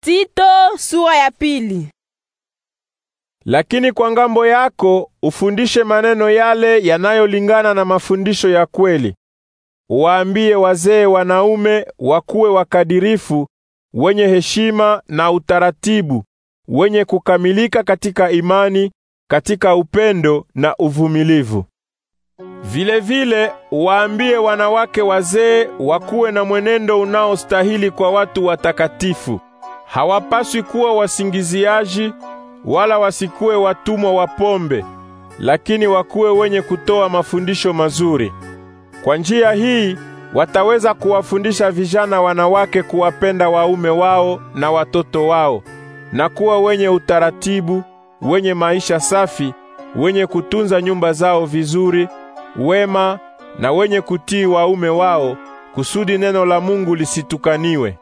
Tito sura ya pili. Lakini kwa ngambo yako ufundishe maneno yale yanayolingana na mafundisho ya kweli. Waambie wazee wanaume wakuwe wakadirifu, wenye heshima na utaratibu, wenye kukamilika katika imani, katika upendo na uvumilivu. Vile vile waambie wanawake wazee wakuwe na mwenendo unaostahili kwa watu watakatifu hawapaswi kuwa wasingiziaji wala wasikuwe watumwa wa pombe, lakini wakuwe wenye kutoa mafundisho mazuri. Kwa njia hii wataweza kuwafundisha vijana wanawake kuwapenda waume wao na watoto wao, na kuwa wenye utaratibu, wenye maisha safi, wenye kutunza nyumba zao vizuri, wema na wenye kutii waume wao, kusudi neno la Mungu lisitukaniwe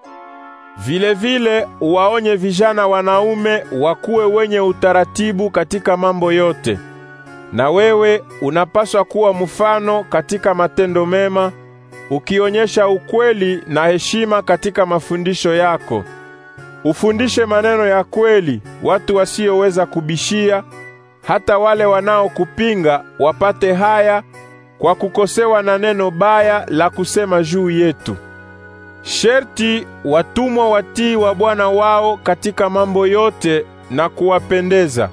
vile vile uwaonye vijana wanaume wakuwe wenye utaratibu katika mambo yote. Na wewe unapaswa kuwa mfano katika matendo mema, ukionyesha ukweli na heshima katika mafundisho yako. Ufundishe maneno ya kweli watu wasioweza kubishia, hata wale wanaokupinga wapate haya kwa kukosewa na neno baya la kusema juu yetu. Sherti watumwa watii wa bwana wao katika mambo yote na kuwapendeza,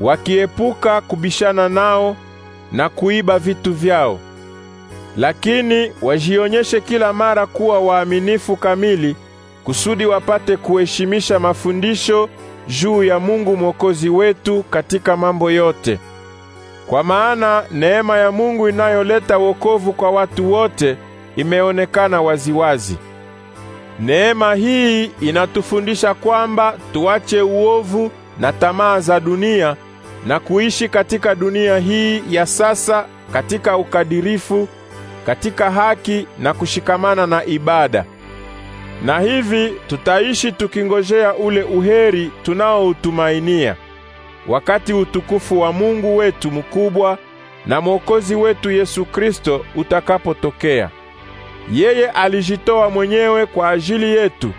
wakiepuka kubishana nao na kuiba vitu vyao. Lakini wajionyeshe kila mara kuwa waaminifu kamili, kusudi wapate kuheshimisha mafundisho juu ya Mungu Mwokozi wetu katika mambo yote. Kwa maana neema ya Mungu inayoleta wokovu kwa watu wote imeonekana waziwazi. Neema hii inatufundisha kwamba tuache uovu na tamaa za dunia na kuishi katika dunia hii ya sasa katika ukadirifu, katika haki na kushikamana na ibada. Na hivi tutaishi tukingojea ule uheri tunaoutumainia, wakati utukufu wa Mungu wetu mkubwa na Mwokozi wetu Yesu Kristo utakapotokea. Yeye alijitoa mwenyewe kwa ajili yetu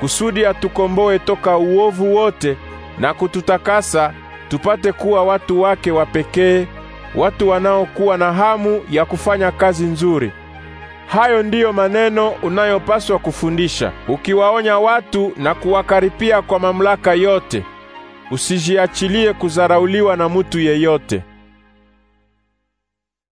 kusudi atukomboe toka uovu wote na kututakasa tupate kuwa watu wake wa pekee, watu wanaokuwa na hamu ya kufanya kazi nzuri. Hayo ndiyo maneno unayopaswa kufundisha, ukiwaonya watu na kuwakaripia kwa mamlaka yote. Usijiachilie kuzarauliwa na mutu yeyote.